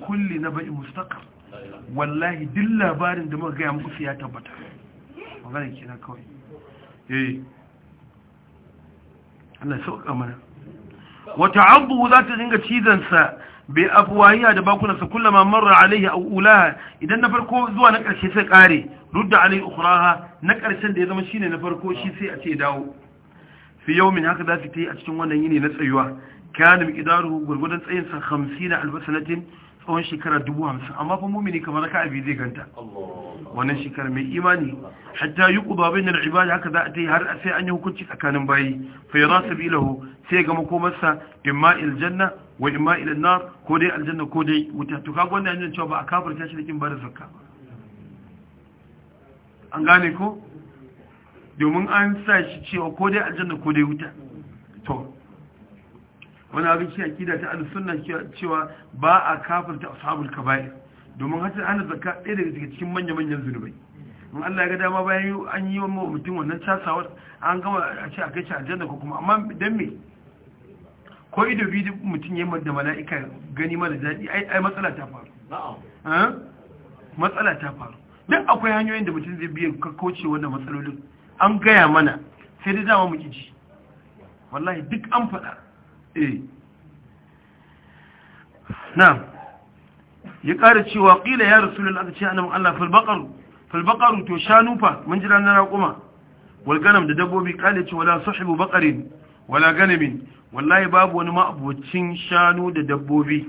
kulli na ba'in mustaqar wallahi duk labarin da muka gaya muku ya tabbata maganin kina kawai eh Allah sauka mana wata abu za ta dinga sa bai afuwahiya da bakuna, sa kullama marra alaihi a ulaha idan na farko zuwa na karshe sai ƙare rudda alai ukraha na ƙarshen da ya zama shine na farko shi sai a ce dawo fi yawmin haka za su ta yi a cikin wannan yini na tsayuwa kayanin idaru gurgudan sa hamsin albasanatin tsawon shekara dubu hamsin amma fa mumini kamar ka abi zai ganta wannan shekara mai imani hatta yi kuba bai da ibada haka za a ta yi har sai an yi hukunci tsakanin bayi fa yara lahu sai ga makomarsa imma iljanna wa imma na ko dai aljanna ko dai wuta to kaga wannan yanzu cewa ba a kafirta shi da kin bada zakka ba an gane ko domin an sa shi cewa ko dai aljanna ko dai wuta to wani abin shi akida ta al-sunna cewa ba a kafirta ashabul kaba'ir domin hatta ana zakka ɗaya daga cikin manya-manyan zunubai in Allah ya ga dama bayan an yi wa mutum wannan casawar an gama a ce a kai shi aljanna ko kuma amma dan me ko ido biyu mutum ya da mala'ika gani mara daɗi ai matsala ta faru eh? matsala ta faru duk akwai hanyoyin da mutum zai biya kauce wannan matsalolin an gaya mana sai da dama mu ji wallahi duk an faɗa eh na'am ya ƙara cewa ƙila ya rasu aka ce annabi Allah fil baqar fil baqar to shanu fa mun jira na raƙuma wal ganam da dabbobi ƙale ce wala sahibu baqarin wala ganamin wallahi babu wani ma'abocin shanu da dabbobi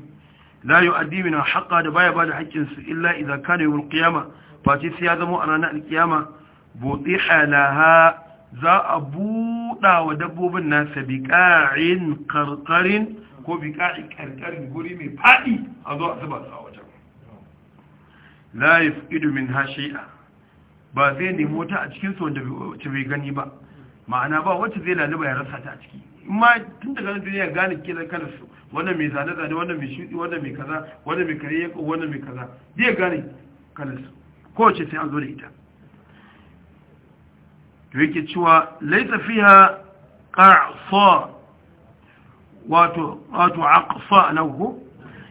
layu yu'addi min haqqa da baya bada hakkin su illa idza kana yawmul qiyama fa sai ya zama a ranar alkiyama buti halaha za a buɗa wa dabbobin nasa biƙa'in ƙarƙarin ko biƙa'in ƙarƙarin guri mai faɗi a zo a zuba su a wajen laif idumin hashi'a ba zai nemo ta a cikinsu wanda bai gani ba ma'ana ba wacce zai laluba ya rasa ta a ciki ma tun daga nan duniya gane kilan kala su wannan mai zane zane wannan mai shuɗi wannan mai kaza wannan mai kare yaƙo wannan mai kaza zai gane kala su kowace sai an zo da ita to yake cewa laita fiha qa'sa wato wato aqsa lahu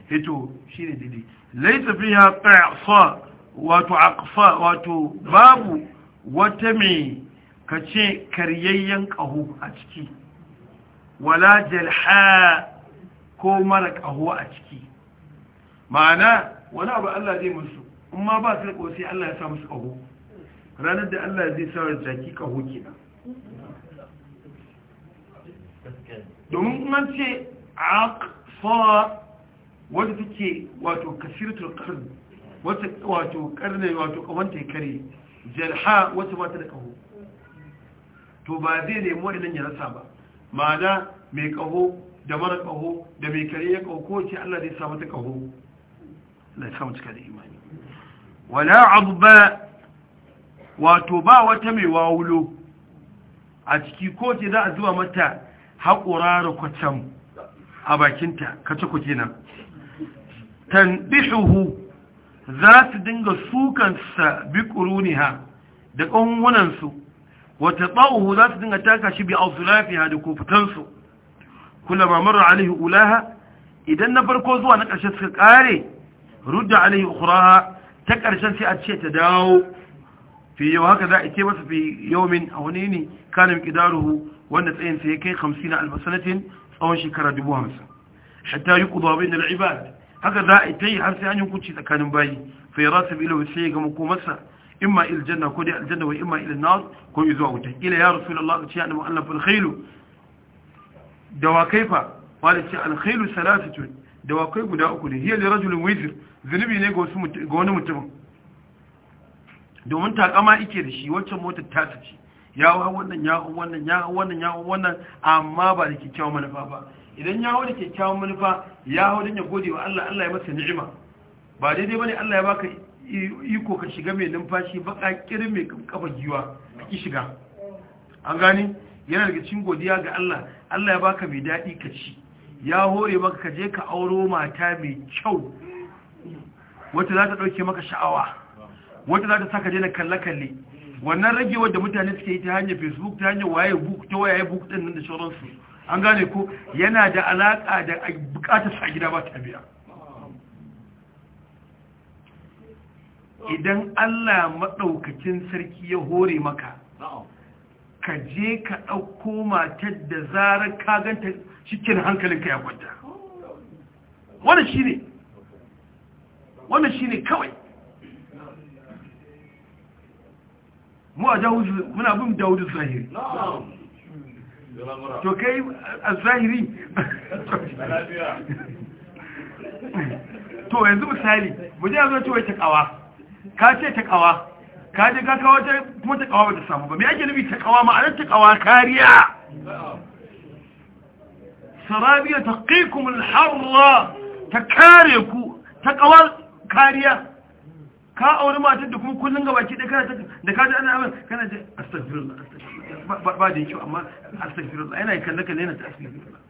hito shine dide laita fiha qa'sa wato aqsa wato babu wata mai kace karyayyen qahu a ciki wala jalha ko mara qahu a ciki ma'ana wani abu Allah zai musu amma ba su da ƙosi Allah ya sa musu kaho ranar da Allah zai sa jaki kaho kenan domin kuma ce aqsa wadda take wato kasiratul qarn wata wato karne wato kawanta kare jalha wata mata da kaho to ba zai nemi wadannan ya rasa ba ma'ana mai kaho da mara kaho da mai kare ya kaho ko ce Allah zai sa mata kaho Allah ya sa mata kare imani wala abba wato ba wata mai wawulo a ciki ko ce za a zuwa mata haƙura da kwacan a bakinta kace ku kenan tanbishuhu za su dinga sukansa bi ƙuruniha da ƙanwunansu wata ɓa'uhu za su dinga taka shi bi lafiya da kofitansu kula mamar alaihi ulaha idan na farko zuwa na ƙarshe suka ƙare rudda alaihi ukuraha ta ƙarshen sai a ce ta dawo fi yau haka za a ce masa fi yawmin a wani ne kanin kidaruhu wanda tsayin ya kai 50 albasanatin tsawon shekara 50 hatta yi kudu abin da al'ibad haka za a ta yi har sai an yi hukunci tsakanin bayi fa ya rasu bilo sai ga makomarsa imma il ko dai aljanna wa imma il nar ko yi zuwa wuta kila ya rasulullah ce annabi Allah fil khailu da wa kaifa wala ce al khailu salasatun da wa kai guda uku ne hiya da rajulun wizr zunubi ne ga wani mutumin. domin takama ike da shi wacce mota ta ce ya hau wannan ya hau wannan ya hau wannan ya hau wannan amma ba da kyakkyawan manufa ba idan ya hau da kyakkyawan manufa ya hau don ya gode wa Allah Allah ya masa ni'ima ba daidai bane Allah ya baka iko ka shiga mai numfashi baka kirin mai kafa giwa ka ki shiga an gani yana daga cikin godiya ga Allah Allah ya baka mai daɗi ka ci ya hore maka ka je ka auro mata mai kyau wata za ta ɗauke maka sha'awa wata za ta saka daina kalle-kalle wannan ragewar da mutane suke yi ta hanyar facebook ta hanyar waye book ta waye book din nan da sauransu an gane ko yana da alaƙa da bukatar sa gida ba ta biya idan Allah maɗaukacin sarki ya hore maka ka je ka ɗauko matar da zarar ka ganta cikin hankalinka ya kwanta wannan shi ne wannan shi ne kawai mu a dawudu muna bin dawudu zahiri to kai a zahiri to yanzu misali mu je zo cewa takawa ka ce ta takawa ka je ka kawo ta kuma takawa ba ta samu ba me ake nufi takawa ma'anar takawa kariya sarabiya taqikum al-harra ta kare ku ta takawa kariya ka auri matar da kuma kullum ga baki ɗaya kana da ka ana abin kana ji astagfirullah ba da kyau amma astagfirullah yana kallaka ne na ta astagfirullah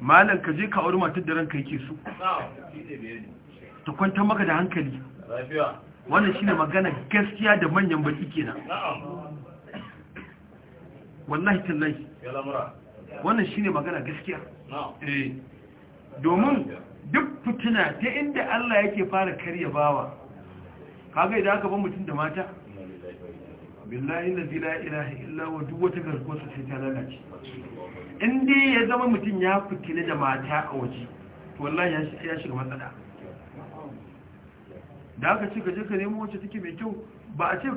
malam ka je ka auri matar da ranka yake so ta kwantar maka da hankali wannan shi ne magana gaskiya da manyan baki kenan wallahi tallahi wannan ne magana gaskiya eh, domin duk fitina ta inda Allah yake fara karya bawa kaga idan aka ban mutum da mata billahi lazi la ilaha illa wa duk wata garkuwarsa sai ta lalace in dai ya zama mutum ya fitina da mata a waje to wallahi ya shiga matsala da aka ce ka je ka nemo wacce take mai kyau ba a ce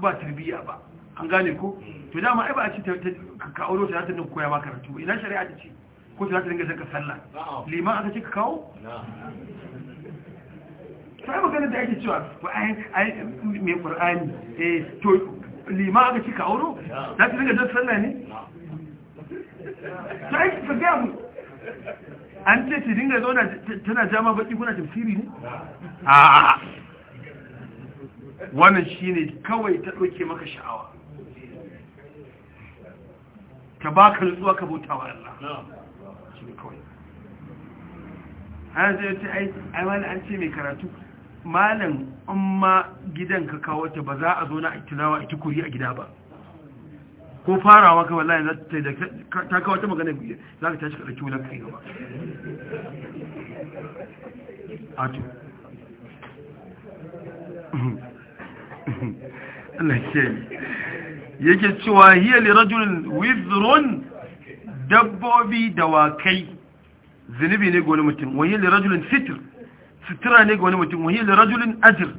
ba tarbiyya ba an gane ko to dama ai ba a ce ka aure ta ta koya ma karatu ina shari'a ta ce ko ta dinga zaka sallah liman aka cika ka kawo sai magana da ake cewa ai mai qur'ani eh to liman aka cika ka auro za ta dinga zaka sallah ne sai ka ga mu an ce ta dinga zauna tana jama baki kuna tafsiri ne a'a wannan shine kawai ta ɗauke maka sha'awa ta baka nutsuwa ka bautawa Allah ne kawai har zai ta ai wani an ce mai karatu malam ma gidan ka kawo ta ba za a zo na itilawa a kuri a gida ba ko farawa ka wallahi ta kawo ta magana za ka tashi ka ɗauki wani kai gaba ato Allah ke yake cewa hiya li rajulin wizrun dabbobi da wakai. zunubi ne ga wani mutum wani yin rajulun fitir sutura ne ga wani mutum wani yin rajulun ajir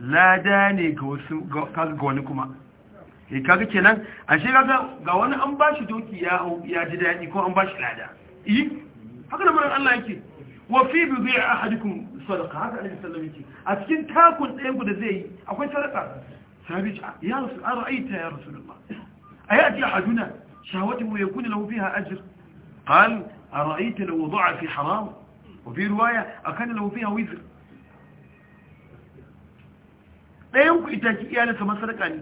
lada ne ga wasu ga wani kuma e kaga kenan A kaga ga wani an ba shi doki ya ji daɗi ko an ba shi lada yi eh, haka da murar Allah yake wa fi bi zai hadikun sadaka haka annabi sallallahu yake a cikin takun ɗayan ku da zai yi akwai sadaqa sabi ya rasu, ra'ayi ta ya rasu A ji a hajjuna شهوته ويكون له فيها أجر قال أرأيت لو وضع في حرام وفي رواية أكان له فيها وزر لا يمكن تأتي إعلى كما سرقني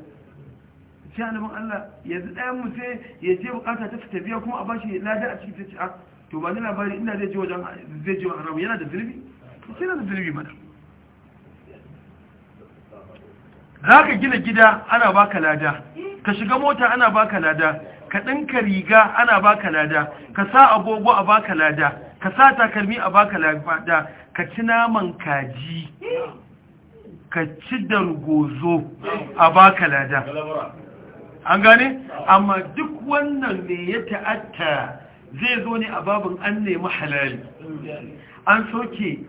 كان من قال لا يزدان موسى يجيب قاتل تستبيع كم أباشي لا دأتي فتحة ثم أنا أباري إنا ذي جوجا ذي جوجا رامي أنا لا كنا ذي مدر zaka gina gida ana baka lada ka shiga mota ana baka lada ka ɗinka riga ana baka lada ka sa agogo a baka lada ka sa takalmi a baka lada ka ci naman kaji ka ci dargozo a baka lada an gane amma duk wannan ne ya ta'atta zai zo ne a babin an nemi halali an soke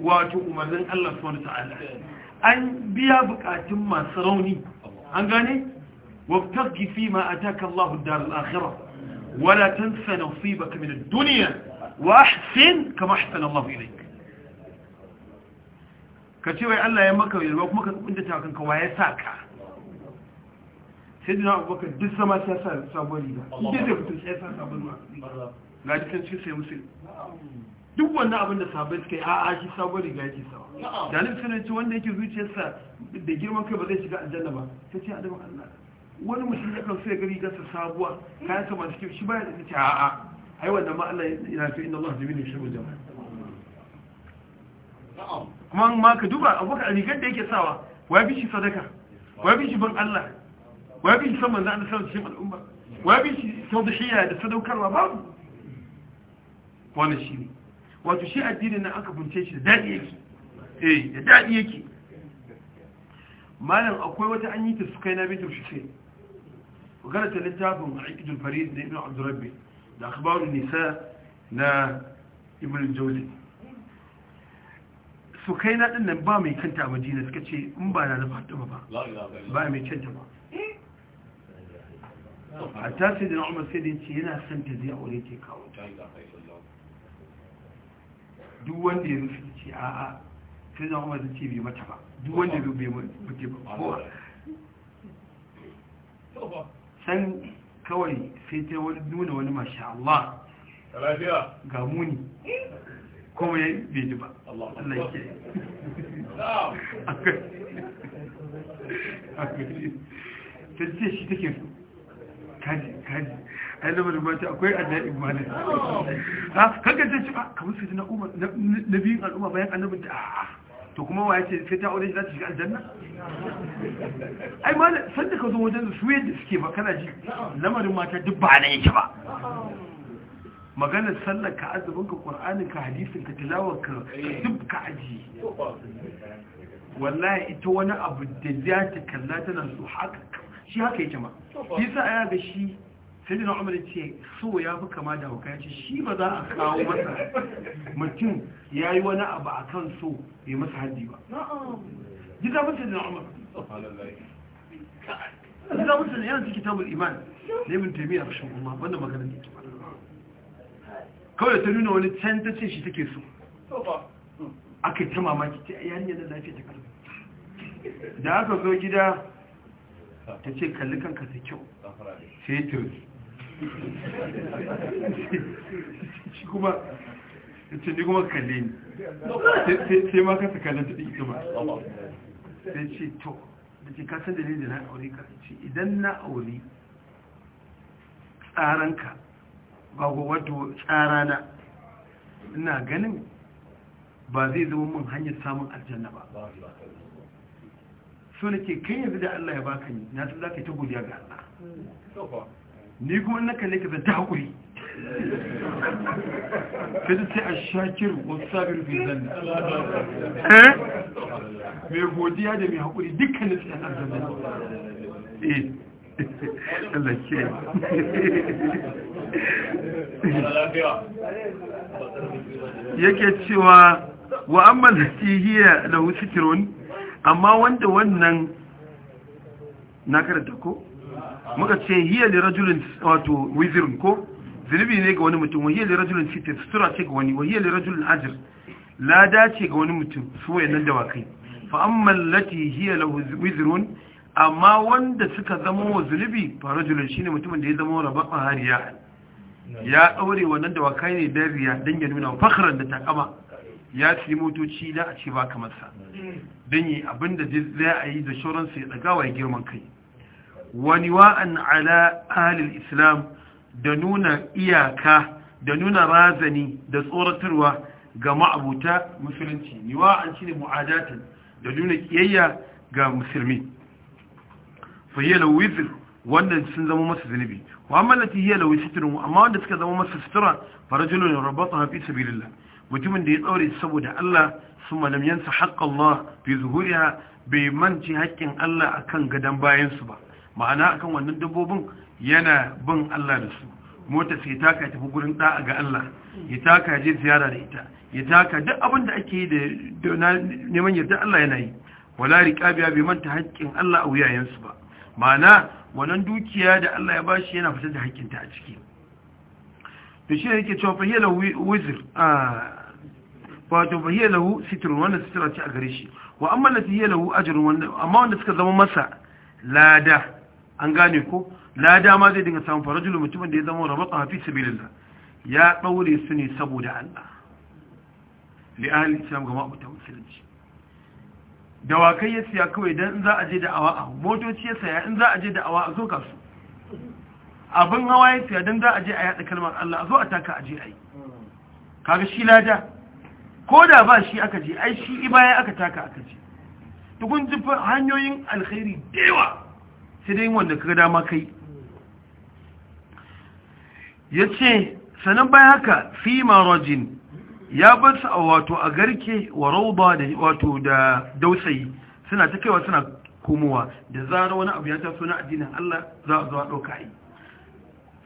wato umarnin Allah subhanahu ta'ala an biya bukatun masu rauni an gane وابتغ فيما أتاك الله الدار الآخرة ولا تنس نصيبك من الدنيا وأحسن كما أحسن الله إليك كتير الله يمك ويلمك مك أنت تاكن كوايا ساكا سيدنا أبو بكر دس ما سيسا سابولي دس يفتر سيسا سابولي لا يمكن شيء سيمسلم duk wannan abin da sabai suka yi a'a shi sabon riga yake sawa da alif sunan ci wanda yake zuciyarsa da girman kai ba zai shiga aljanna ba sai ce adamin allah wani mutum ya kan sai gari gasa sabuwa kayan sama cikin shi baya da ta a'a ai da ma'ala Allah ya fi inda Allah zubi ne shi wajen kuma ma ka duba abokan rigar da yake sawa wa bi shi sadaka wa bi shi ban Allah wa bi shi san manzo Allah sallallahu al'umma wa bi shi sau da sadaukarwa babu wani shi ne wato shi addini na aka bunce shi da dadi yake eh da dadi yake malam akwai wata an yi ta su kai na bitar shi sai وكانت الانتاب عيد الفريد لابن عبد ربي لأخبار النساء نا ابن الجوزي su kai na ɗin ba mai kyanta a madina suka ce in ba na na fatima ba ba mai kyanta ba a tasiri da na'umar sai din yana son ta aure ke kawo duk wanda ya sai ba duk wanda ya San kawai sai ta nuna wani masha Allah ga muni kuma ya bai ji ba Allah ya ke ta ce shi take so kaji kaji a yi labarin mata akwai annabi imanin ha kankan ta ce ba ah, kamar su na biyun al'umma bayan annabin ta a'a to kuma wa yace sai ta aure za ta shiga aljanna ai ma san da ka zo wajen su yadda suke ba kana ji lamarin mata duk ba na yake ba maganar sallar ka azumin ka qur'anin ka hadisin ka tilawar ka duk ka aji wallahi ita wani abu da za ta kalla tana so haka shi haka yake ma yasa aya ga shi sai da umar ce so ya fi kama da hauka ya ce shi ba za a kawo masa mutum ya yi wani abu a kan so bai masa haddi ba ji zafin sai da umar ji zafin sai da yana cikin tabul iman na ibin taimiyya rashin umma wannan maganar da ke kawai ta nuna wani can shi take so aka yi ta mamaki ta yanyar da lafiya ta karfi da aka zo gida ta ce kalli kanka ta kyau sai turbi shi kuma ce kuma kalle ni sai ma kasa kallon ta ita ba sai ce to da ce da ne da na aure ka ce idan na aure tsaranka ba wato tsarana ina ganin ba zai zama mun hanyar samun aljanna ba so nake kai yanzu da Allah ya baka ni na san za ka yi ta godiya ga Allah ni kuma na kalle ka ta haƙuri kada sai a shakir wasu sabir fi zanna eh mai godiya da mai haƙuri dukkanin su ɗan aljanna eh Allah ke yake cewa wa amma lasihiyya da sitrun amma wanda wannan na karanta ko muka ce hiya li rajulin wato wizirin ko zunubi ne ga wani mutum wahiyar li rajulin sitir sutura ce ga wani wahiyar li rajulin ajir lada ce ga wani mutum su wayannan dawakai fa amma lati hiya lahu wizirun amma wanda suka zama wa zunubi fa rajulun shine mutumin da ya zama rabba bahariya ya daure wannan dawakai ne da riya dan ya nuna fakhran da takama ya ci motoci da a ce ba kamar sa dan yi abinda zai a yi da shoran sai ya daga wa girman kai Wani ala halin islam da nuna iyaka da nuna razani da tsoratarwa ga ma'abuta musulunci niwa'an shi ne mu'adatan da nuna kiyayya ga musulmi fayyala wizir wanda sun zama masa zunubi wa amma lati hiya lawi sitrun amma wanda suka zama masa sutura farajulun rabata fi sabilillah mutumin da ya tsaure saboda Allah su malam yansa haqqallah fi zuhuriha bai manci haƙƙin Allah a kan gadon bayansu ba ma'ana akan wannan dabbobin yana bin Allah da su mota sai taka tafi gurin da'a ga Allah ya taka je ziyara da ita ya taka duk abin da ake yi da neman yarda Allah yana yi wala riqabiya bai manta haƙƙin Allah a wuyayensu ba ma'ana wannan dukiya da Allah ya bashi yana fitar da ta a ciki to shi yake cewa fa hiya wizr wato fa hiya lahu sitrun wannan sitra ce a gare shi wa amma lati hiya lahu ajrun amma wanda suka zama masa lada an gane ko la dama zai dinga samun farajulu mutumin da ya zama rabata hafi sabilillah ya daure su ne saboda Allah li ahli islam ga mabuta musulunci dawakai ya siya kawai dan in za a je da awa a motoci ya saya in za a je da awa a zo kasu abin hawa ya siya dan za a je a yada kalmar Allah a zo a taka a je ai kaga shi lada ko da ba shi aka je ai shi ibaya aka taka aka je tukun jifin hanyoyin alkhairi dewa sai dai wanda ka dama kai ya ce sanan bayan haka fi rajin ya bar su a wato a garke wa rauba da wato da dausayi suna ta kaiwa suna komowa da zara wani abu ya taso na addinin Allah za a zuwa ɗauka yi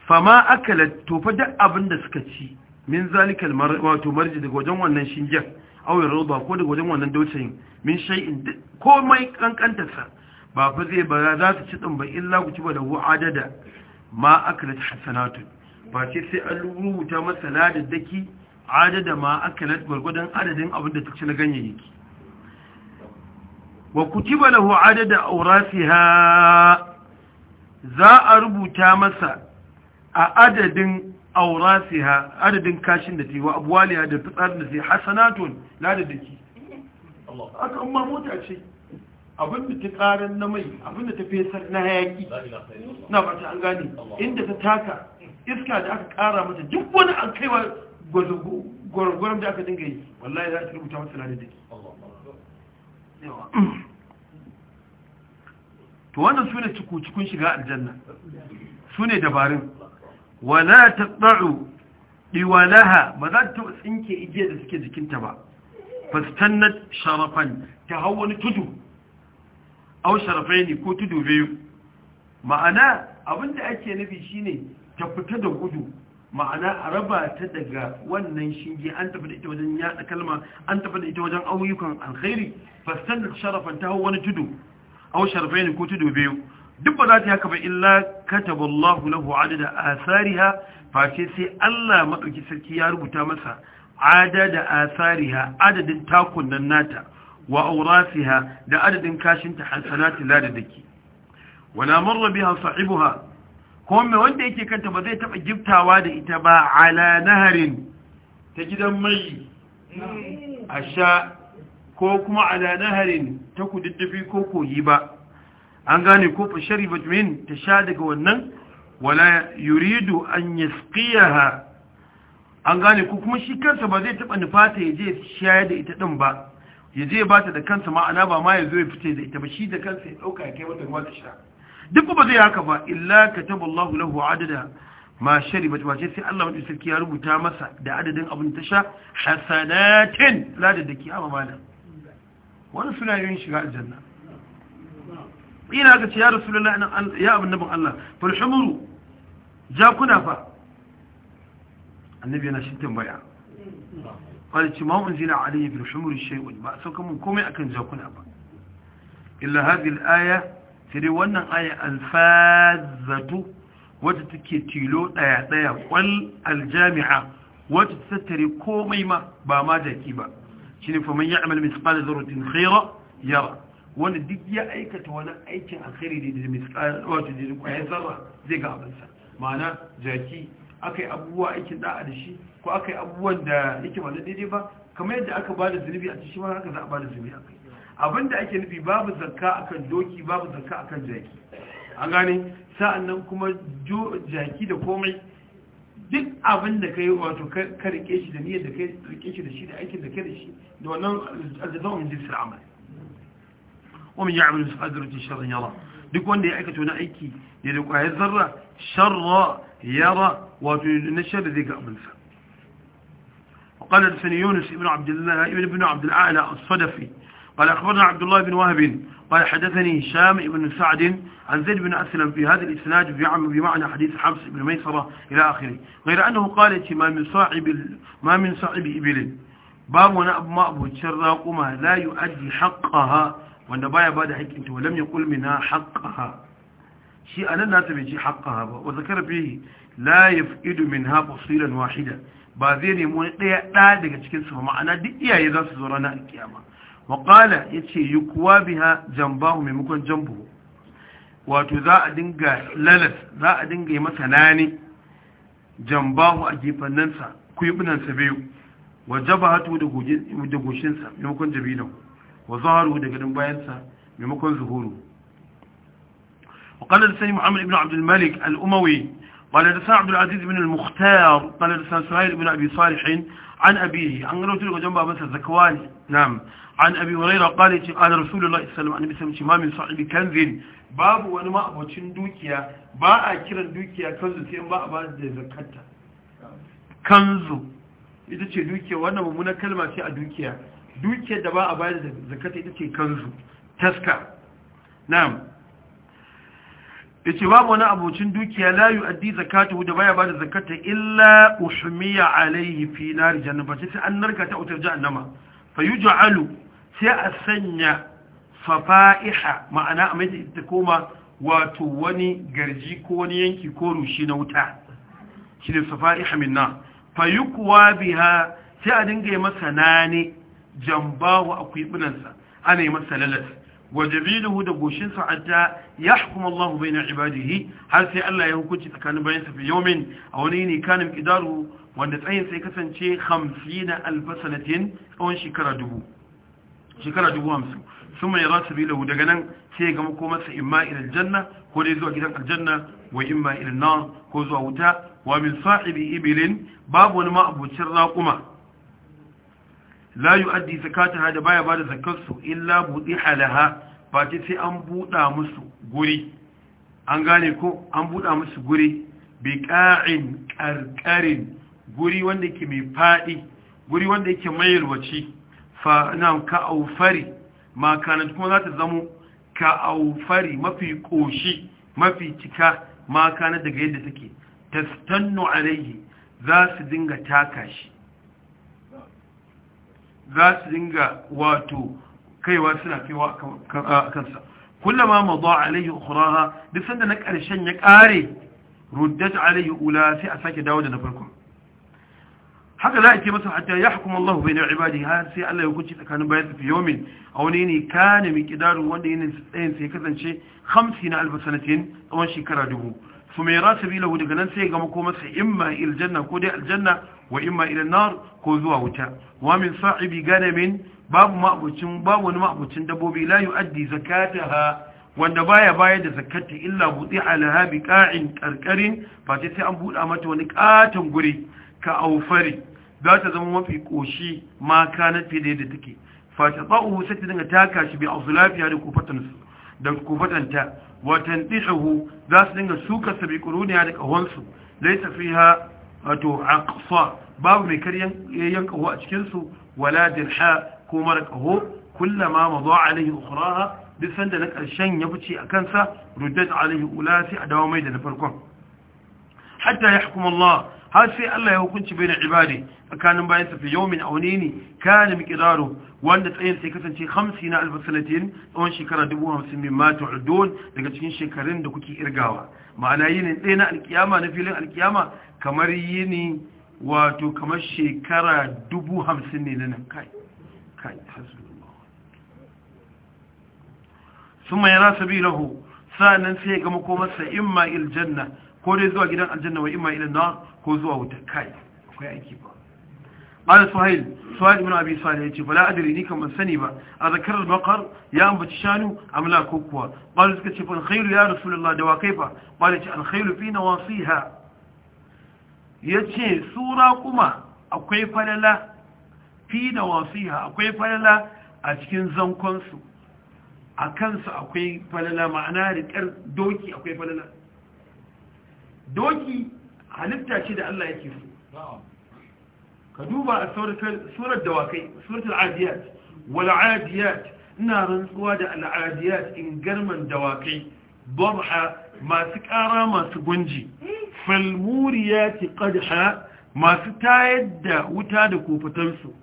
fama akala tofa duk abin da suka ci min zalikal wato marji daga wajen wannan shingen auyar rauba ko daga wajen wannan dausayin min shay'in komai kankantarsa ba fa zai ba za ta ci ɗin ba illa ku ci ba da wa'ada da ma akalat hasanatu ba ce sai an rubuta masa ladaddaki adada ma akalat gwargwadon adadin abin da ta ci na ganyayyaki wa kutiba lahu adada aurasiha za a rubuta masa a adadin aurasiha adadin kashin da ta yi wa abuwaliya da fitsarin da zai yi hasanatun ladaddaki aka amma mota ce abin da ta karar na mai abin da ta fesar na hayaki na fata an gane inda ta taka iska da aka kara mata duk wani an kaiwa gwargwaron da aka dinga yi wallahi za ta rubuta mata lalata ke to wannan su ne cikun shiga aljanna su ne dabarun wala ta tsaro diwalaha ba za ta tsinke igiyar da suke jikinta ba fastannat sharafan ta hau wani tudu au sharfaini ko tudu biyu ma'ana abinda ake nufi shine ta fita da gudu ma'ana a raba ta daga wannan shinge an tafi da ita wajen yada kalma an tafi da ita wajen auyukan alkhairi fastan da sharafan ta hau wani tudu au sharfaini ko tudu biyu duk ba za ta haka ba illa kataballahu lahu adada asariha face sai Allah maɗauki sarki ya rubuta masa adada asariha adadin takunnan nata wa aurasiha da adadin kashinta hasanati dake wala marra biha sahibuha kuma mai wanda yake kanta ba zai taba giftawa da ita ba ala naharin ta gidan mai a sha ko kuma ala naharin ta kududdufi ko koyi ba an gane ko fashari batmin ta sha daga wannan wala yuridu an yasqiyaha an gane ko kuma shi kansa ba zai taba nufata ya je shayar da ita din ba ya je ba ta da kansa ma'ana ba ma ya zo ya fice da ita ba shi da kansa ya ɗauka ya kai wata ruwa ta sha duk ba zai haka ba illa ka kataballahu lahu adada ma sharibat ba ce sai Allah wani sarki ya rubuta masa da adadin abin ta sha hasanatin ladar da kiyama malam wani suna yin shiga aljanna ina ga ce ya rasulullah ya abin nabin Allah falhumuru jakuna fa annabi yana shi tambaya kwallo ci ma'un zina a aliyu bin shumuri shaiun ba a sauka komai akan jakuna ba illa hadil aya wannan aya alfazatu wata take tilo ɗaya-ɗaya kwal aljami'a wata tattare komai ma ba ma jaki ba shi ne faman ya amal misqal zarutin khaira yara wani duk ya aikata wani aikin alkhairi da da misqal wato da kwaya zaba zai ga abinsa ma'ana jaki akai abubuwa aikin da'a da shi ko aka yi abubuwan da yake ba daidai ba kamar yadda aka ba da zunubi a cikin ma haka za a ba da zunubi a kai da ake nufi babu zakka akan doki babu zakka akan jaki an gane sa'annan kuma jaki da komai duk abin da kai wato ka rike shi da niyyar da kai rike shi da shi da aikin da ka da shi da wannan aljazan min jinsi al'amal wa min ya'mal sadrati sharran yara duk wanda ya aikata wani aiki da da kwayar zarra sharra yara wato na sharri zai ga abin sa قال حدثني يونس بن عبد الله ابن عبد الأعلى الصدفي قال أخبرنا عبد الله بن وهب قال حدثني هشام بن سعد عن زيد بن أسلم في هذا الإسناد بمعنى حديث حمص بن ميسرة إلى آخره غير أنه قال ما من صاحب ما من صاحب إبل باب وانا ما أبو وما لا يؤدي حقها والنبايا بايا بعد انت ولم يقل منها حقها شيء أنا لا تبجي حقها وذكر فيه لا يفئد منها بصيلا واحدا ba zai nemi wani ɗaya ɗaya daga cikin su ma'ana duk iyaye za su zo ranar alkiyama waƙala ya ce yi kuwa biha jambahu maimakon jambu wato za a dinga lalas za a dinga yi masa nani jambahu a gefannansa kuyubinansa biyu wa jaba hatu da goshinsa maimakon jabinan wa zaharu da gadin bayansa maimakon zuhuru وقال لسني محمد بن عبد الملك الأموي قال حدثنا عبد العزيز بن المختار قال حدثنا سهيل بن أبي صالح عن أبيه عن رسول جنب أبنس الزكواني نعم عن أبي هريرة قال قال رسول الله صلى الله عليه وسلم ما من صاحب كنز باب وأنا ما أبوتين دوكيا با أكيرا دوكيا كنز سيما با أبوتين زكاتا كنز ita ce dukiya wannan mummunan kalma ce a dukiya dukiyar da ba a bayar da zakata ita ce kanzu taska na'am yace babu wani abocin dukiya la addi zakatu da baya bada zakata illa ushmiya alaihi fi nar jahannama sai an narka ta utar jahannama jaalu sai a sanya fafa'iha ma'ana a mai ta koma wato wani garji ko wani yanki ko rushi na wuta shine fafa'iha minna fayukwa biha sai a dinga yi masa nane jamba wa akwibinansa ana yi masa lalata wa jabiluhu da goshinsa hatta yahkumu Allah baina ibadihi har sai Allah ya hukunci tsakanin bayansa fi yawmin a wani ne kanin idaru wanda tsayin sai kasance 50 alf sanatin tsawon shekara dubu shekara dubu hamsin sun mai rasu bilahu daga nan sai ga makomarsa imma ilal janna ko dai zuwa gidan aljanna wa imma ilal nar ko zuwa wuta wa min sa'ibi ibilin babu wani ma'abucin raƙuma la addi zakataha da baya bada zakar su illa budi halaha ba ta sai an buɗa musu guri an gane ko an buɗa musu guri bi qa'in ƙarƙarin guri wanda ke mai faɗi, guri wanda yake mayarwaci fa na ka aufari ma kanat kuma za ta zamo ka aufari mafi ƙoshi, mafi cika ma kanat daga yadda take tastannu alaihi za su dinga taka shi za su dinga wato kaiwa suna kaiwa a kansa kullama madha alayhi ukhraha duk sanda na karshen ya kare ruddat alayhi ula sai a sake dawo da na farko haka za a ce masa hatta ya hukum Allah bai na ibadi har sai Allah ya hukunci tsakanin bayan tafi yomi a wani ne kane mai kidaru wanda yin tsayin sai kasance hamsi na tsawon shekara dubu su mai rasa bilahu daga nan sai ga mako masa imma iljanna ko dai aljanna wa imma ila nar ko zuwa wuta wa min sa'ibi ganamin babu ma'abucin babu wani ma'abucin dabbobi la yu'addi zakataha wanda baya bayar da zakata illa buɗi alaha bi ƙa'in ƙarƙarin ba sai an buɗa mata wani ƙaton guri ka aufari za ta zama mafi ƙoshi ma na fiye da take fata tsa'uhu sai ta dinga taka shi bi ausu lafiya da kufatansu da kufatanta watan ɗi'ahu za su dinga suka sabi ƙuruniya da ƙahonsu lai tafiya wato aqsa babu mai karyan yanka kaho a cikin su wala dirha ko mara kaho kullama madha alaihi ukhraha duk sanda na karshen ya fice a kansa ruddat alaihi ula sai a dawo mai da na farkon hatta yahkum Allah har sai Allah ya hukunci baina na ibadi tsakanin bayan safi yawmin aune ne kana miqdaru wanda tsayin sai kasance 50 na albasalatin tsawon shekara 50 min ma tu'dun daga cikin shekarun da kuke irgawa ma'ana yin ɗaya na alkiyama na filin alkiyama kamar yini wato kamar shekara dubu hamsin ne na nan kai kai hasbunallah summa yara sabilahu sa'annan sai ya ga makomarsa imma il janna ko dai zuwa gidan aljanna wa imma ilin ko zuwa wuta kai akwai aiki ba قال ba سهيل بن أبي صالح يتي فلا أدري نيكا من سنبا أذكر البقر يا أم بتشانو أم لا كوكوا قال سكتي فالخير يا رسول الله دوا ce alkhairu الخير في نواصيها ya ce sura kuma akwai falala fi da wasiha akwai falala a cikin zankonsu a kansu akwai falala ma'ana riƙar doki akwai falala doki halitta ce da Allah yake so ka duba a surar dawakai suratul adiyat wal adiyat ina rantsuwa da al'adiyat in garman dawakai A masu ƙara masu gunji falmuriyati qadha masu tayar da wuta da kofatansu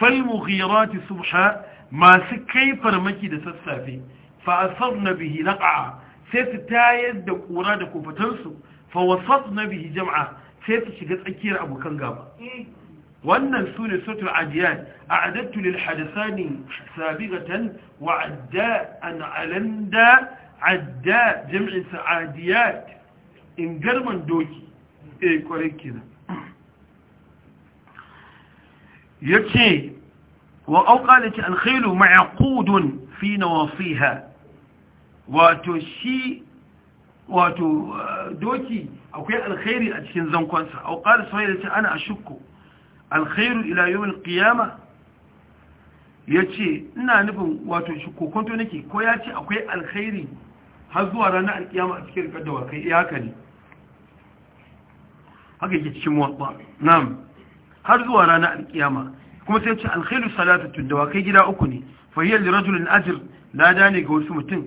falmughirati subha masu kai farmaki da sassafe fa asarna bihi laqa sai su tayar da kura da kofatansu fa wasatna bihi jam'a sai su shiga tsakiyar abokan gaba wannan su ne sautar ajiyar a adattu lil hadasani sabigatan wa adda an alanda adda jam'in sa'adiyat in garman doki ya eh kwarai kenan yace wa auqalati alkhailu ma'qudun fi nawafiha wato shi wato eh, doki akwai alkhairi a cikin zankonsa auqal da yace ana ashukku alkhairu ila yawm ya ce ina nufin wato shi kokonto nake ko ya ce akwai alkhairi har zuwa ranar alkiyama a cikin rikar dawakai iyaka eh, ne haka yake cikin muwaɓa na'am har zuwa ranar alkiyama kuma sai ce alkhairu salatatun dawakai gida uku ne fahiyar da rajulun ajir lada ne ga wasu mutum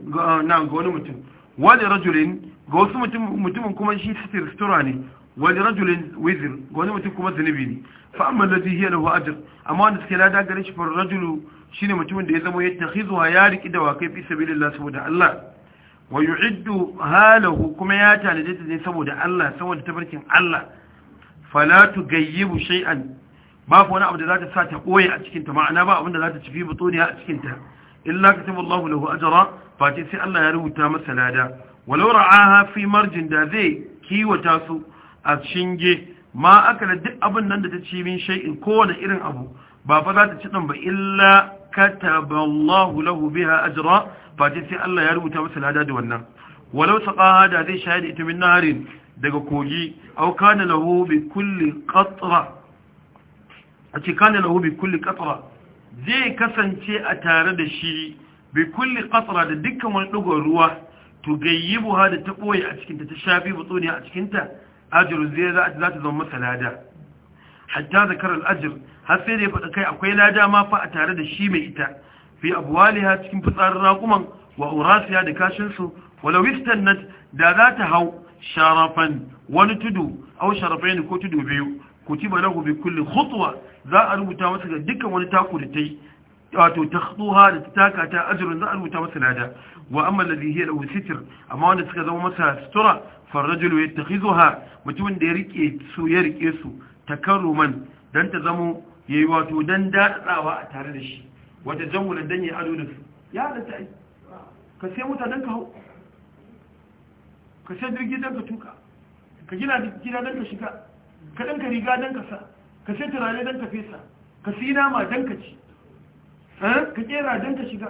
na ga wani mutum wani rajulun ga wasu mutumin kuma shi sitir sutura ne wani rajulun wizir ga wani mutum kuma zunubi ne fa amma ladi hiya lahu ajr amma wanda suke lada gare shi fa rajulu shine mutumin da ya zama ya tahizuwa ya riki dawakai fi sabilillah da Allah wa yu'iddu halahu kuma ya tanadi da ne saboda Allah saboda tabarkin Allah falatu tugayyibu shay'an babu wani abu da ta sa ta koye a cikinta? ma'ana ba abin da ta ci bibu a cikinta? ta ka kataba Allah lahu ajra fa sai Allah ya rubuta masa lada walau ra'aha fi marjin da zai kiwata su a shinge ma akala duk abin nan da ta ci min shay'in kowane irin abu ba fa za ta ci dan ba illa kataba Allahu lahu biha ajra fati sai Allah ya rubuta masa lada da wannan walau saqaha da zai shahada ita min naharin daga kogi aw kana lahu bi kulli qatra a ce kana lahu kulli qatra zai kasance a tare da shi bi kulli qatra da duka wani digon ruwa to gayyibuha da ta boye a cikin ta ta shafi butsuniya a cikin ta ajru zai zama masa lada hatta zakarar ajir har sai da ya faɗa kai akwai lada ma fa a tare da shi mai ita fi abuwaliha cikin fitsarin raƙuman wa urasiya da kashinsu wala wistannat da za ta hau sharafan wani tudu au sharafai ko tudu biyu kutiba lahu bi kulli khutwa za a rubuta masa ga dukkan wani taku da ta yi wato ta da ta taka ta ajirin za a rubuta masa lada wa amma lalzi hiyar abu sitir amma wanda suka zama masa sutura farrajulu ya mutumin da ya rike su ya rike su takaruman dan ta zamo yayi wato dan dadadawa a tare da shi wata jamulan dan ya ado da su ya da ta yi ka sai mutanen ka hau ka sai jirgi dan ka tuka ka gina gida dan ka shiga ka dan ka riga dan ka sa ka sai turare dan ka fesa ka sai nama dan ka ci eh? ka kera dan ka shiga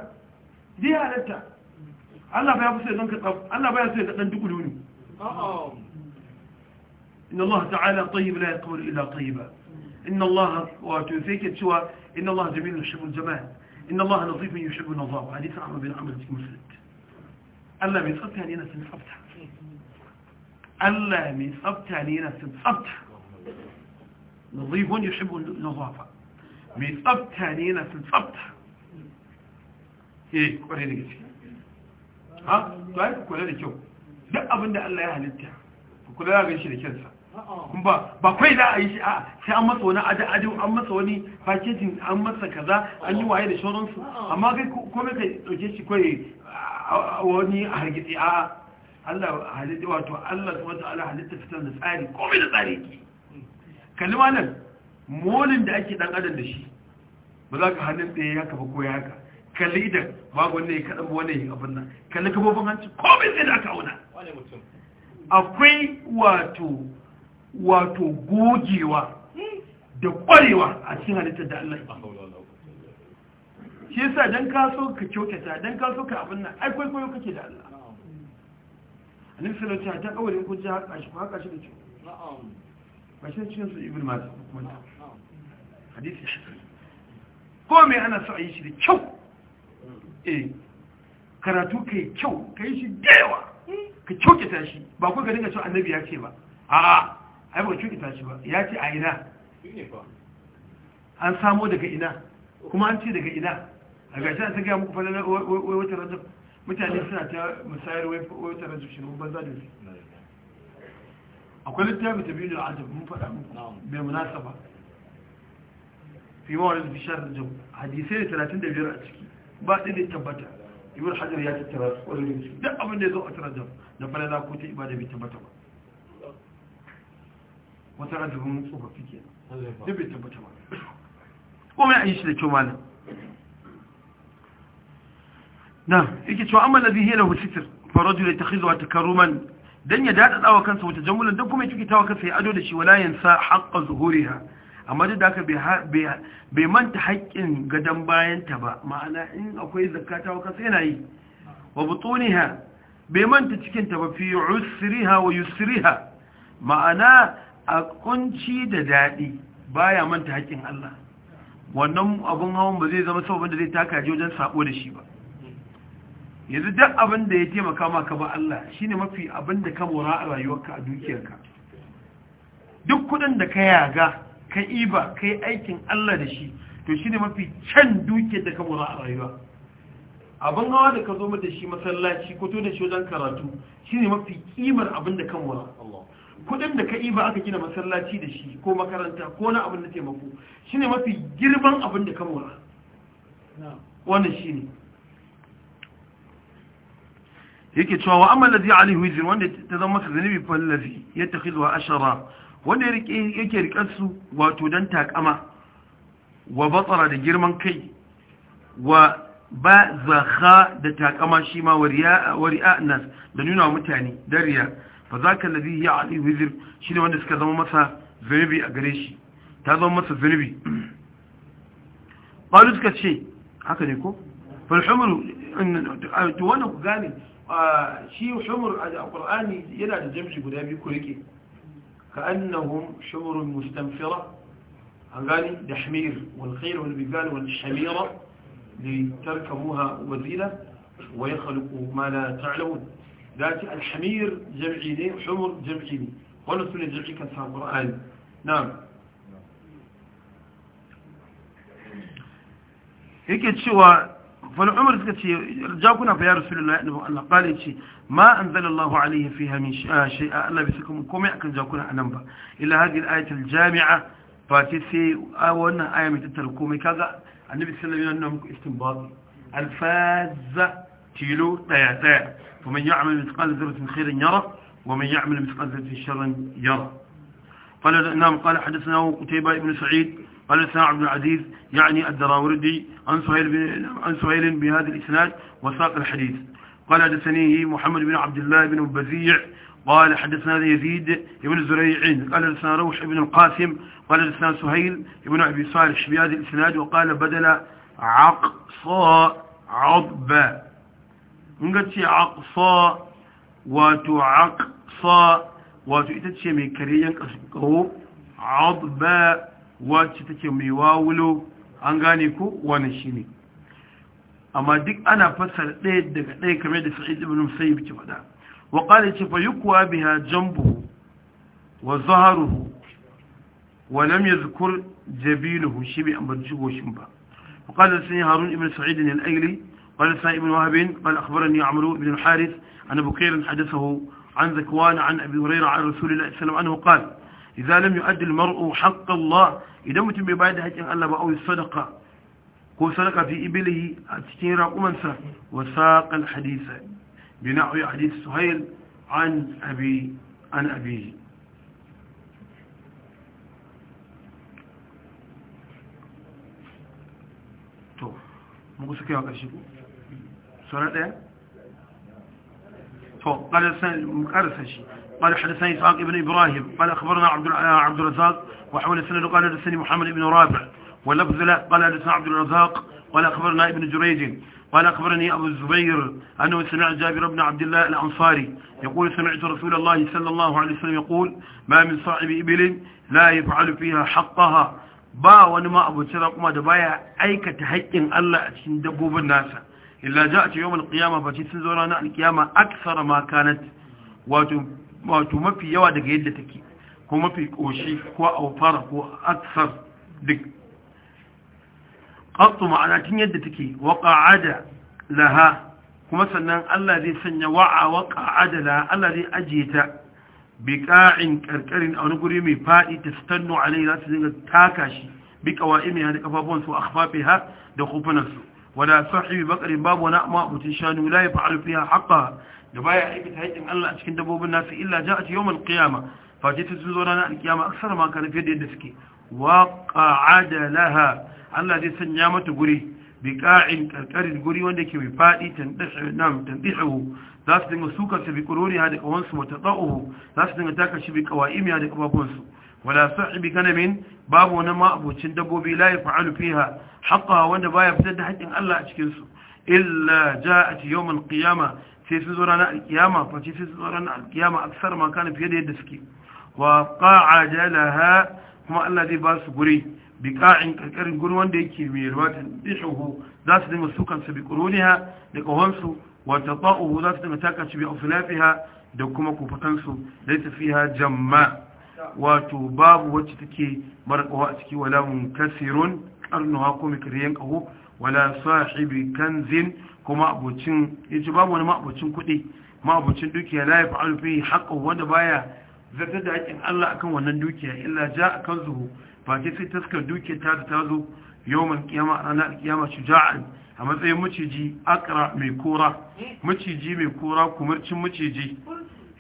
zai halatta Allah ba ya fi sai don ka tsaf Allah ba ya sai dan dukulu ne إن الله تعالى طيب لا يقول إلا طيبا إن الله وتوفيكت سوى إن الله جميل يحب الجمال إن الله نظيف يحب النظام حديث عمر بن عمرو بن مسلم ألا من صبت علي ناس صبتها ألا من صبت علي ناس صبتها نظيف يحب النظافة من صبت علي ناس صبتها إيه قرينا كذي ها طيب كلنا لا أبدا ألا أهل الدين كلنا نشيل كذا ba ba kai za a yi shi a sai an masa wani adu an masa wani pakejin, an masa kaza an yi waye da shauransu amma kai kome kai ɗauke shi kai wani a hargitsi a Allah halitta wato Allah wata ala halitta fitar da tsari komai da tsari ke kalima nan molin da ake dan adam da shi ba za ka hannun tsaye ya kafa ko ya haka kalli idan babu wanda ya kaɗan wani ya abin nan kalli kafofin hanci komai sai da aka auna akwai wato wato gogewa da kwarewa a cikin halittar da Allah ya shi yasa dan ka so ka kyautata dan ka so ka abin nan ai kwaikwayo kake da Allah annabi sallallahu alaihi wasallam ta kawarin ku ji haka shi haka shi da ciwo na'am ba shi cikin su ibnu mas'ud kuma hadisi hasan ko me ana so a yi shi da kyau eh karatu kai kyau kai shi da yawa ka kyautata shi ba ku ga dinga cewa annabi ya ce ba a'a ai ba cuta shi ba ya ce a ina an samo daga ina kuma an ce daga ina a gashi an tagaya muku fadar wata rajab mutane suna ta musayar wata rajab shi ban banza da su akwai littafi ta biyu da ajab mun fada muku mai munasa ba fi mawarin bishar rajab hadisai da talatin da biyar a ciki ba ɗin da tabbata ibn hajar ya tattara wani su duk abin da ya zo a tarajab da falala ko ta ibada bai tabbata ba wata rajulun tsofaffi ke da bai tabbata ba kuma a yi shi da kyau malam na yake cewa amma lazi hiyar lahu sitir farajul ta takhizu wa takaruman dan ya dada dawa kansa wata jammulan don kuma ya cikita wa kansa ya ado da shi wala yansa haqqa zuhuriha amma duk da haka bai manta haƙƙin gadon bayanta ba ma'ana in akwai zakata wa kansa yana yi wa butuniha bai manta cikinta ba fi usriha wa yusriha ma'ana a kunci da daɗi baya manta haƙƙin Allah wannan abin hawan ba zai zama sabon da zai taka ji wajen saɓo da shi ba yanzu duk abin da ya taimaka maka ba Allah shi ne mafi abin da ka mora a rayuwarka a dukiyarka duk kudin da ka yaga ka iba ka yi aikin Allah da shi to shi ne mafi can dukiyar da ka mora a rayuwa abin hawa da ka zo da shi masallaci ko to da shi wajen karatu shi ne mafi kimar abin da ka mora kudin da ka ba aka gina masallaci da shi ko makaranta ko na abin da taimako shine mafi girman abin da ka mora wannan ne yake cewa wa amma lazi ali wizr wanda ta zama masa zanibi ya ladhi zuwa ashara wanda yake rikarsu wato dan takama wa batsara da girman kai wa ba zakha da takama shi ma wari'a nas da nuna mutane dariya fa zaka ya ali wizir shine wanda suka zama masa zunubi a gare shi ta zama masa zunubi qalu suka ce haka ne ko fal humru to wannan ku gane shi humru a alqur'ani yana da jamshi guda biyu ku rike ka annahum shumurun mustanfira an gane da shamir wal khayr wal bigal wal shamira li tarkamuha wazila wa yakhluqu ma la ta'lamun ذاتي الحمير جمعيني وحمر جمعيني ونسل جمعي كثير القرآن نعم yake cewa wani umar suka ce jakuna fa ya rasulullah ma an zala Allah alaihi fi hamin shi'a Allah bai suka komai akan jakuna a nan ba ila hadin ayatul jami'a ba ce sai wannan aya mai tattara komai nuna كيلو ɗaya ɗaya فمن يعمل amal mithqal خير يرى ومن يعمل مثقال ذره شرا يرى قال نعم قال حدثنا قتيبة بن سعيد قال حدثنا عبد العزيز يعني الدراوردي عن سهيل عن سهيل بهذا الاسناد وساق الحديث قال حدثني محمد بن عبد الله بن بزيع قال حدثنا يزيد بن زريع قال حدثنا روح بن القاسم قال حدثنا سهيل بن ابي صالح بهذا الاسناد وقال بدل عقصى عضب nga ce aqsa wato aqsa wato ita ce mai kariyan kawo adba wacce take mai wawulo an gane ko wani shine amma duk ana fassara ɗaya daga ɗaya kamar da sa'id ibn musayyib ke faɗa wa qala ce fa yukwa biha jambu wa zaharuhu wa lam yadhkur jabinuhu shi amma ambaci shin ba wa qala sai harun ibn sa'id al قال سائب بن وهب قال أخبرني عمرو بن الحارث عن بكير حدثه عن ذكوان عن أبي هريرة عن رسول الله صلى الله عليه وسلم انه قال إذا لم يؤدي المرء حق الله إذا متم ببعد حق الله أو الصدقة هو صدقة في إبله a cikin وساق الحديث saƙal حديث سهيل عن أبي عن أبيه abi an abi سورة ايه قال قال شيء قال حدثني إسحاق بن إبراهيم قال أخبرنا عبد آه، عبد الرزاق وحول السنة قال حدثني محمد بن رافع ولفظ لا قال حدثنا عبد الرزاق قال أخبرنا ابن جريج قال أخبرني أبو الزبير أنه سمع جابر بن عبد الله الأنصاري يقول سمعت رسول الله صلى الله عليه وسلم يقول ما من صاحب إبل لا يفعل فيها حقها با ونما أبو تلقما دبايا ايكت تهيئن الله عشان دبوب الناس illa ja'at yawm al-qiyamah fa sun zo na al-qiyama aksara ma kanat wato wato mafi yawa daga yadda take ko mafi koshi ko aufara ko aksar duk qattu ma'ana tun yadda take wa qa'ada laha kuma sannan Allah zai sanya wa'a wa qa'ada laha Allah zai ajiye ta bi qa'in karkarin a wani guri mai fadi tastannu alai za su dinga taka shi bi qawaimi da kafafuwan su akhfafiha da kufunan su wada sahibi bakarin babu wani amma mutum shanu la ya fa'alu fiha haqqa da baya aikata haƙƙin Allah cikin dabbobin nasu illa ja'at yawmal qiyama fa ce tun zo ranar alkiyama aksar ma ka fiye da yadda suke wa qa'ada laha Allah zai sanya mata guri bi qa'in karkarin guri wanda ke mai fadi tandishu nam tandishu za su dinga sukar ta bi qururiha da kawansu mata za su dinga taka shi bi qawaimiha da kafafunsu wala sahibi ganamin babu wani ma'abucin dabbobi layi fa'alu fiha haqqaha wanda baya fitar da haƙin Allah a cikin su illa ja'at yawm al-qiyama sai sun zo al-qiyama fa sai sun zo al-qiyama aksar ma kana fiye da yadda suke wa qa'ajalaha kuma Allah zai ba su guri bi qa'in karkarin guri wanda yake mai ruwa ta dihu za su dinga sukan su bi quruniha da qawansu wa tata'uhu za su dinga takaci bi aflafiha da kuma kufatan su laysa fiha jamma' wato babu wacce take marqawa a ciki wala munkasirun karnuha kuma mikriyan qahu wala sahibi kanzin kuma abucin yace babu wani mabucin kuɗi mabucin dukiya la yaf'alu fi haqqahu wanda baya zata da hakkin Allah akan wannan dukiya illa ja akan zuhu ba ke sai taskar dukiya ta ta zo yawon kiyama ranar kiyama shuja'an a matsayin maciji akra mai kora maciji mai kora kumarcin maciji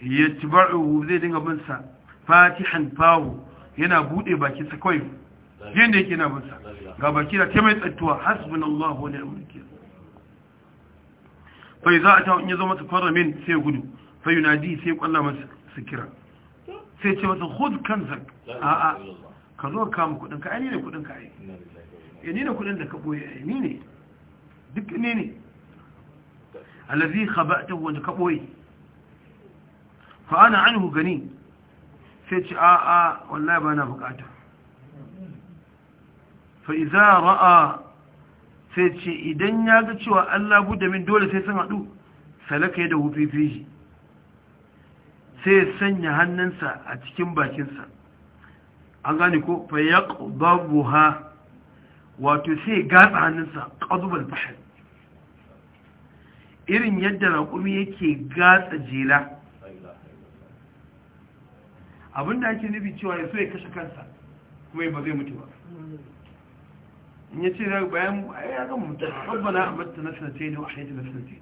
ya zai dinga bin sa fatihan fahu yana bude baki sa kawai da yake na bunsa ga baki da ta mai tsattuwa hasbunallahu wa ni'mal wakeel fa idza ta in yazo masa faramin sai gudu fa yunadi sai kwalla masa sikira sai ce masa khud kanzak a a ka zo ka mu kudin ka ai ne kudin ka ai ya eh, ne kudin da ka boye ai ni ne duk ne ne allazi khaba'tahu wa ka boye fa ana anhu gani sai ci a'a wallahi ba na bukata fa'iza ra'a sai ce idan ya ga cewa Allah buɗe min dole sai sun haɗu salaka ya da hufifi sai sanya hannunsa a cikin bakinsa an gane ko fayak babu ha wato sai gatsa hannunsa ƙazubar fahim irin yadda raƙumi yake gatsa jela abinda ake nufi cewa ya so ya kashe kansa kuma ba zai mutu ba in yace da bayan ya ga mutu rabbana amatta na sanate ne wa haiti na sanate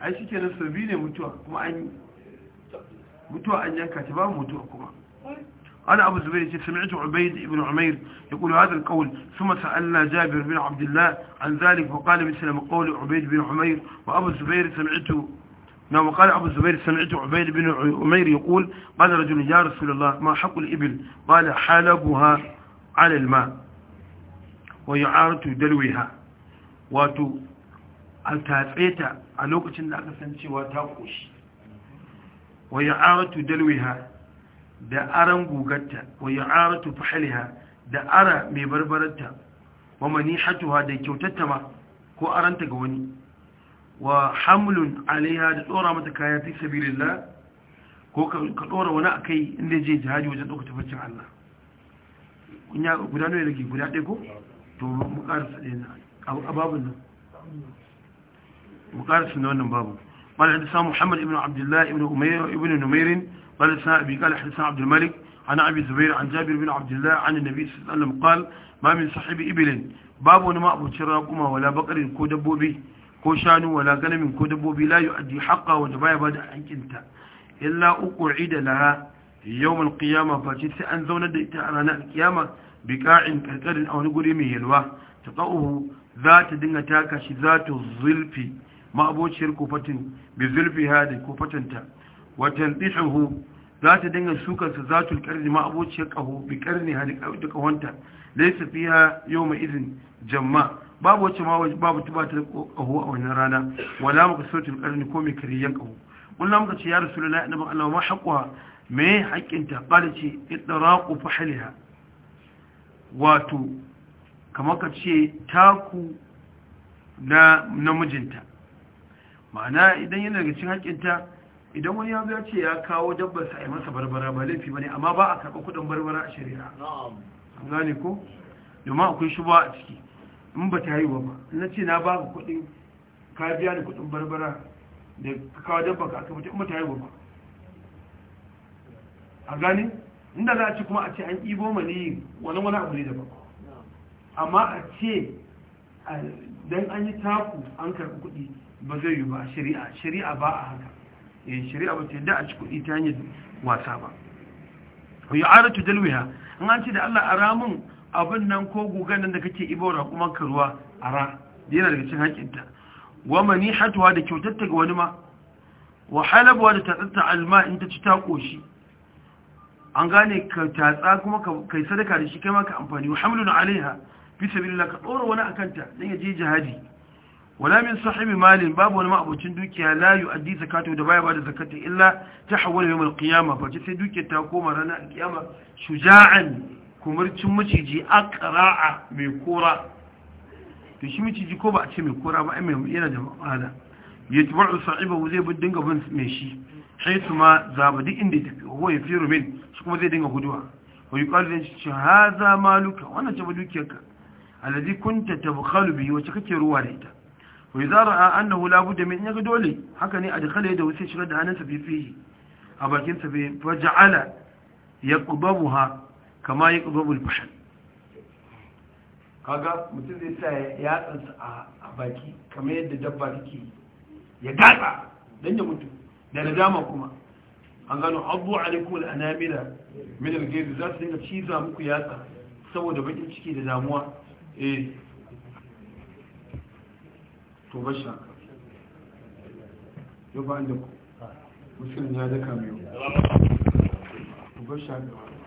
ai shi ke na sabbi ne mutuwa kuma an mutuwa an yanka ta ba mutuwa kuma أنا أبو الزبير سمعت عبيد بن عمير يقول هذا القول ثم سألنا جابر بن عبد الله عن ذلك وقال مثل ما قول عبيد بن عمير وأبو زبير سمعته نعم وقال أبو الزبير سمعت عبيد بن عمير يقول قال رجل يا رسول الله ما حق الإبل قال حلبها على الماء ويعارة دلوها واتو التاتعيتا ألوكة لك سنتي واتاقوش ويعارة دلوها دا أرنقو gugatta wa فحلها دا أرى ara ومنيحتها دا كوتتما كو أرنتك وني wa hamlun alaiha da tsora mata kaya fi sabilillah ko ka dora wani akai inda je jihadi wajen ɗauka tafarkin Allah kun ya guda ne rage guda ɗaya ko to mu karasa ɗaya na nan mu karasa na wannan babu قال حدثنا محمد بن عبد الله بن أمير بن نمير قال حدثنا أبي قال حدثنا عبد الملك عن أبي زبير عن جابر بن عبد الله عن النبي صلى الله عليه وسلم قال ما من صاحب إبل باب ما أبو شراب ولا بقر ko shanu wala ganamin ko dabbobi la yu'addi haqqa wanda baya bada hankinta illa uqida laha yawm al-qiyamah fa sai an zauna da ita a ranar al-qiyama bi qa'in karkarin a wani guri mai yalwa taqahu za ta dinga taka shi za ta zulfi ma'abociyar kofatin bi zulfi ha da kofatanta watan ɗishihu za ta dinga shukarsa za ta ƙarni ma'abociyar ƙaho bi ƙarni ha da ƙahonta laisa fi ha yau mai izin jamma babu wacce ma babu tubatar kaho a wannan rana wala muka sautin karni ko mai kariyan kaho wannan muka ce ya rasulullahi annabi Allah ma haƙƙuwa me haƙƙinta ƙala ce idraqu fahliha wato kamar ka ce taku na namijinta ma'ana idan yana daga cikin ta idan wani ya ga ce ya kawo dabbar sa a masa barbara ba laifi bane amma ba a karɓa kuɗin barbara a shari'a an gane ko domin akwai shuba a ciki in ba ta yi ba ba na ce na ba ka kudin ka biya da kudin barbara da kawo dabba ka aka mace in ba ta yi ba ba a gani inda za a ci kuma a ce an ibo mani wani wani abu ne da ba amma a ce don an yi taku an karɓi kuɗi ba zai yi ba shari'a shari'a ba a haka yin eh, shari'a ba ta yadda a ci kuɗi ta hanyar wasa ba yi aratu dalwiya an an ce da allah a ramin abin nan ko gugan da kake ibora kuma ka ruwa a ra yana daga cikin hakinta wa mani hatuwa da kyautatta ga wani ma wa halabuwa da tatsatta alma in ta ci ta koshi an gane ka tatsa kuma ka yi sadaka da shi kai maka amfani wa hamlun alaiha fi sabilillah ka ɗora wani akan ta dan ya je jihadi wala min sahibi malin babu wani ma'abucin dukiya la yu'addi zakatu da baya bada zakata illa ta hawwala yawm al-qiyamah fa sai dukiyar ta koma ranar al-qiyamah shuja'an cin maciji ƙara'a mai kora to shi maciji ko ba a ce mai kora ba ai mai yana da ma'ana yatba'u Sa'iba zai bi dinga bin mai shi su ma zaba duk inda ya tafi ya fi rumin su kuma zai dinga guduwa wa yuqalu lan shi ma maluka wannan ce ba dukiyarka kun ta tafi kalubi wacce kake ruwa da ita wa a ra'a na hula budda min yaga dole haka ne a kala yadda sai shigar da hannunsa fi fihi a bakin sa bai ƙubabu ha. kama yin ƙubabul fashal kaga mutum zai sa ya tsansa a baki kamar yadda dabba suke ya gasa don ya mutu da nadama kuma an gano abu alaikum al'anamila min algairu za su dinga ciza muku yatsa saboda bakin ciki da damuwa eh to bashi haka yau ba inda da ku musulun ya daka mai yau to bashi haka